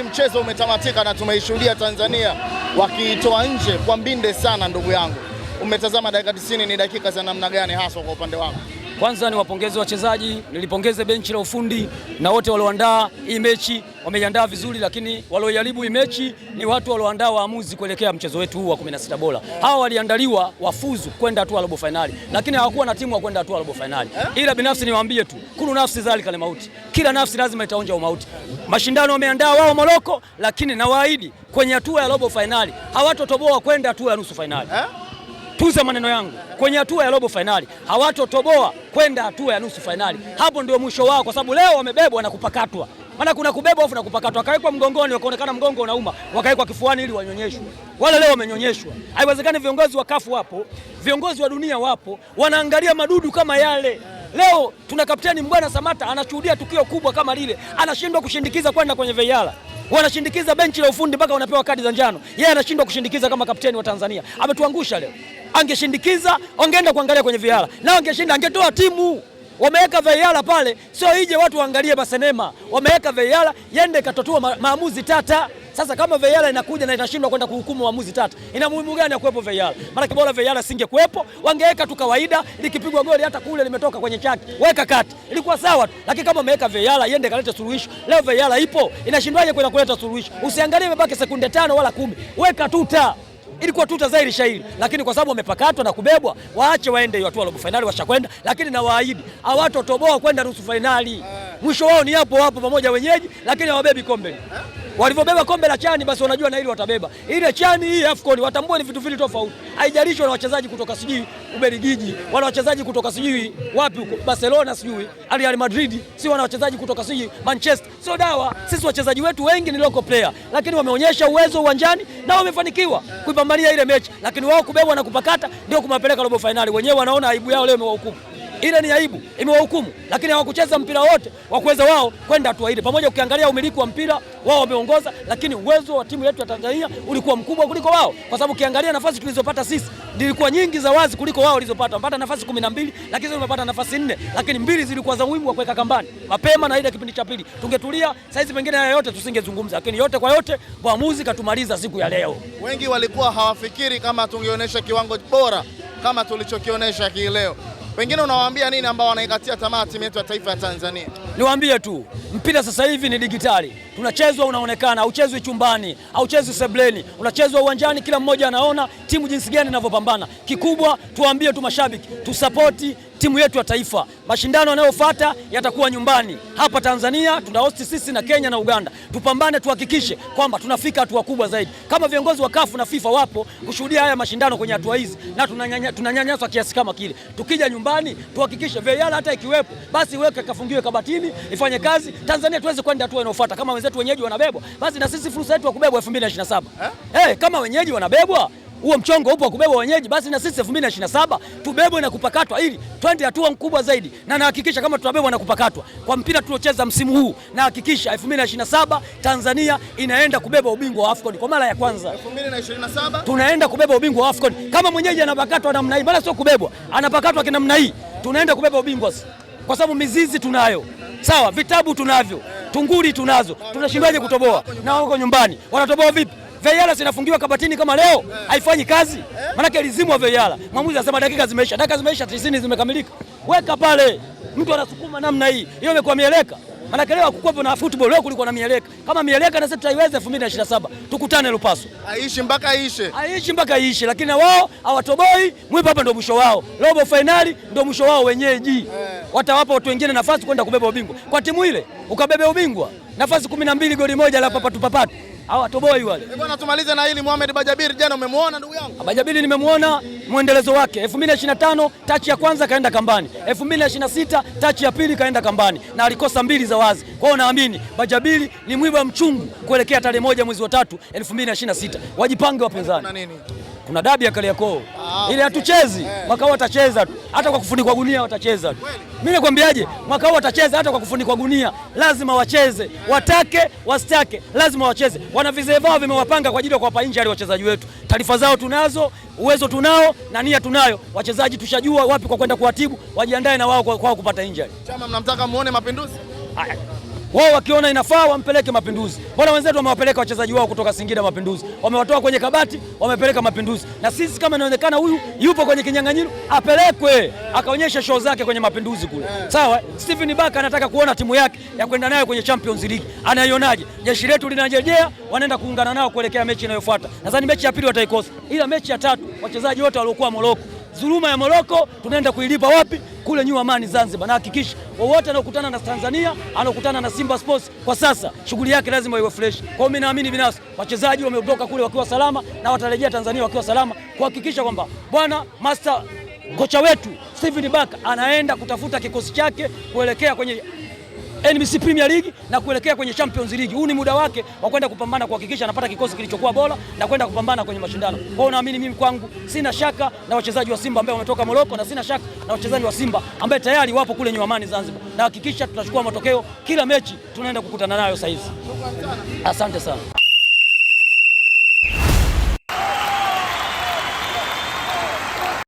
kweli mchezo umetamatika na tumeishuhudia Tanzania wakiitoa nje kwa mbinde sana. Ndugu yangu, umetazama dakika 90, ni dakika za namna gani haswa kwa upande wako? Kwanza niwapongeze wachezaji, nilipongeze benchi la ufundi na wote walioandaa hii mechi. Wameiandaa vizuri, lakini walioharibu hii mechi ni watu walioandaa waamuzi kuelekea mchezo wetu huu wa 16 bora. Hawa waliandaliwa wafuzu kwenda hatua robo fainali, lakini hawakuwa na timu ya kwenda hatua robo fainali. Ila binafsi niwaambie tu, kulu nafsi zalika mauti, kila nafsi lazima itaonja umauti. Mashindano wameandaa wao Moroko, lakini nawaahidi kwenye hatua ya robo fainali hawatotoboa kwenda hatua ya nusu fainali. Eh? tuza maneno yangu, kwenye hatua ya robo fainali hawatotoboa kwenda hatua ya nusu fainali. Hapo ndio mwisho wao, kwa sababu leo wamebebwa na kupakatwa. Maana kuna kubebwa afu na kupakatwa, akawekwa mgongoni, wakaonekana mgongo unauma, wakawekwa kifuani ili wanyonyeshwe. Wale leo wamenyonyeshwa. Haiwezekani, viongozi wa kafu wapo, viongozi wa dunia wapo, wanaangalia madudu kama yale. Leo tuna kapteni Mbwana Samata anashuhudia tukio kubwa kama lile, anashindwa kushindikiza kwenda kwenye VAR, wanashindikiza benchi la ufundi mpaka wanapewa kadi za njano, yeye anashindwa kushindikiza kama kapteni wa Tanzania. Ametuangusha leo. Angeshindikiza wangeenda kuangalia kwenye viala na angeshinda, angetoa timu wameweka VAR pale, sio ije watu waangalie basenema. wameweka VAR yende katotua ma maamuzi tata. Sasa kama VAR inakuja na itashindwa kwenda kuhukumu waamuzi tatu, ina muhimu gani ya kuwepo VAR? Maana bora VAR singekuwepo, wangeweka tu kawaida, likipigwa goli hata kule limetoka kwenye chaki, weka kati, ilikuwa sawa tu. Lakini kama umeweka VAR, iende kaleta suluhisho. Leo VAR ipo, inashindwaje kwenda kuleta suluhisho? Usiangalie imebaki sekunde tano wala kumi, weka tuta ilikuwa tuta zaidi shairi, lakini kwa sababu wamepakatwa na kubebwa, waache waende hiyo hatua robo fainali, washakwenda. Lakini nawaahidi hawatotoboa kwenda nusu fainali, mwisho wao ni hapo hapo pamoja wenyeji, lakini hawabebi kombe. Walivyobeba kombe la chani, basi wanajua na hili watabeba. Ile chani hii AFCON watambue ni vitu vili tofauti, haijalishwa na wachezaji kutoka sijui Ubelgiji wala wachezaji kutoka sijui wapi huko Barcelona, sijui Real Madrid, si wana wachezaji kutoka sijui Manchester. Sio dawa. Sisi wachezaji wetu wengi ni local player, lakini wameonyesha uwezo uwanjani na wamefanikiwa kuipambania ile mechi, lakini wao kubebwa na kupakata ndio kumapeleka robo fainali. Wenyewe wanaona aibu yao leo imewahukumu. Ile ni aibu, imewahukumu, lakini hawakucheza mpira wote wa kuweza wao kwenda hatua ile. Pamoja ukiangalia umiliki wa mpira wao wameongoza, lakini uwezo wa timu yetu ya Tanzania ulikuwa mkubwa kuliko wao, kwa sababu ukiangalia nafasi tulizopata sisi zilikuwa nyingi za wazi kuliko wao walizopata. Wamepata nafasi kumi na mbili lakini sisi tumepata nafasi nne, lakini mbili zilikuwa za wa kuweka kambani mapema, na ile kipindi cha pili tungetulia, saizi pengine haya yote tusingezungumza, lakini yote kwa yote mwamuzi katumaliza siku ya leo. Wengi walikuwa hawafikiri kama tungeonyesha kiwango bora kama tulichokionyesha hii leo. Pengine unawaambia nini ambao wanaikatia tamaa timu yetu ya taifa ya Tanzania? niwaambie tu, mpira sasa hivi ni digitali, tunachezwa unaonekana, auchezwi chumbani, auchezwi sebleni, unachezwa uwanjani, kila mmoja anaona timu jinsi gani inavyopambana. Kikubwa tuwaambie tu mashabiki, tusapoti timu yetu ya taifa. Mashindano yanayofuata yatakuwa nyumbani hapa Tanzania, tuna hosti sisi na Kenya na Uganda. Tupambane, tuhakikishe kwamba tunafika hatua kubwa zaidi. Kama viongozi wa kafu na FIFA wapo kushuhudia haya mashindano kwenye hatua hizi, na tunanyanyaswa tunanyanya kiasi kama kile, tukija nyumbani tuhakikishe VAR hata ikiwepo basi weke kafungiwe kabatini mimi ifanye kazi Tanzania tuweze kwenda hatua inayofuata. Kama wenzetu wenyeji wanabebwa, basi na sisi fursa yetu ya kubebwa 2027 eh? Hey, eh, kama wenyeji wanabebwa huo mchongo upo wa kubebwa wenyeji, basi na sisi 2027 tubebwe na kupakatwa, ili twende hatua mkubwa zaidi, na nahakikisha kama tunabebwa na kupakatwa kwa mpira tuliocheza msimu huu, nahakikisha 2027 Tanzania inaenda kubeba ubingwa wa AFCON kwa mara ya kwanza. 2027 tunaenda kubeba ubingwa wa AFCON. Kama mwenyeji anapakatwa namna hii, bali sio kubebwa, anapakatwa kinamna hii, tunaenda kubeba ubingwa, kwa sababu mizizi tunayo sawa, vitabu tunavyo, tunguri tunazo, tunashindaje kutoboa? Na wako nyumbani wanatoboa vipi? Veyala zinafungiwa kabatini kama leo haifanyi kazi, manake lizimwa Veyala. Mwamuzi anasema dakika zimeisha, dakika zimeisha, 90 zimekamilika, weka pale, mtu anasukuma namna hii, hiyo imekuwa mieleka. Manake leo hakukuwepo na football, leo kulikuwa na mieleka. Kama mieleka na sasa tutaiweza 2027. Tukutane Lupaso. Aishi mpaka aishe. Aishi mpaka aishe, lakini na wao hawatoboi, mwipo hapa ndio mwisho wao. Robo finali ndio mwisho wao wenyeji. Yeah. Watawapa watu wengine nafasi kwenda kubeba ubingwa. Kwa timu ile ukabebe ubingwa. Nafasi 12 goli moja la papatu papatu hawa toboi wale. Eh, na tumalize na hili Mohamed Bajabiri, jana umemuona ndugu yangu? Ah, Bajabiri nimemwona mwendelezo wake 2025 tachi ya kwanza kaenda kambani, 2026 tachi ya pili kaenda kambani na alikosa mbili za wazi. Kwa hiyo naamini Bajabiri ni mwiba mchungu kuelekea tarehe moja mwezi wa tatu 2026. Wajipange wapinzani. Kuna dabi ya Kariakoo ili hatuchezi mwaka huu watacheza tu, hata kwa kufunikwa gunia watacheza tu. Mimi nakwambiaje, mwaka huu watacheza hata kwa kufunikwa gunia, lazima wacheze, watake wasitake, lazima wacheze. Wana vizee vao vimewapanga kwa ajili ya kuwapa injari wachezaji wetu. Taarifa zao tunazo, uwezo tunao na nia tunayo. Wachezaji tushajua wapi kwa kwenda kuwatibu, wajiandae na wao kwa, kupata injury. Chama mnamtaka muone mapinduzi wao wakiona inafaa wampeleke Mapinduzi. Mbona wenzetu wamewapeleka wachezaji wao kutoka Singida Mapinduzi, wamewatoa kwenye kabati wamepeleka Mapinduzi, na sisi kama inaonekana huyu yupo kwenye kinyang'anyiro, apelekwe akaonyesha show zake kwenye Mapinduzi kule, sawa. Stephen Baka anataka kuona timu yake ya kwenda nayo kwenye Champions League anaionaje. Jeshi letu linajejea, wanaenda kuungana nao kuelekea mechi inayofuata. Nadhani mechi ya pili wataikosa, ila mechi ya tatu wachezaji wote waliokuwa Moroko dhuluma ya Moroko tunaenda kuilipa wapi? Kule nyuma Amani Zanzibar. Na hakikisha wowote anaokutana na Tanzania anaokutana na Simba Sports kwa sasa, shughuli yake lazima iwe fresh. Kwa hiyo mimi naamini binafsi wachezaji wametoka kule wakiwa salama na watarejea Tanzania wakiwa salama, kuhakikisha kwamba bwana master kocha wetu Steven Baka anaenda kutafuta kikosi chake kuelekea kwenye NBC Premier League na kuelekea kwenye Champions League. Huu ni muda wake wa kwenda kupambana kuhakikisha anapata kikosi kilichokuwa bora na kwenda kupambana kwenye mashindano. Kwa hiyo naamini mimi kwangu sina shaka na wachezaji wa Simba ambao wametoka Morocco na sina shaka na wachezaji wa Simba ambao tayari wapo kule nyuamani Zanzibar. Na hakikisha tunachukua matokeo kila mechi tunaenda kukutana nayo sasa Asante sana.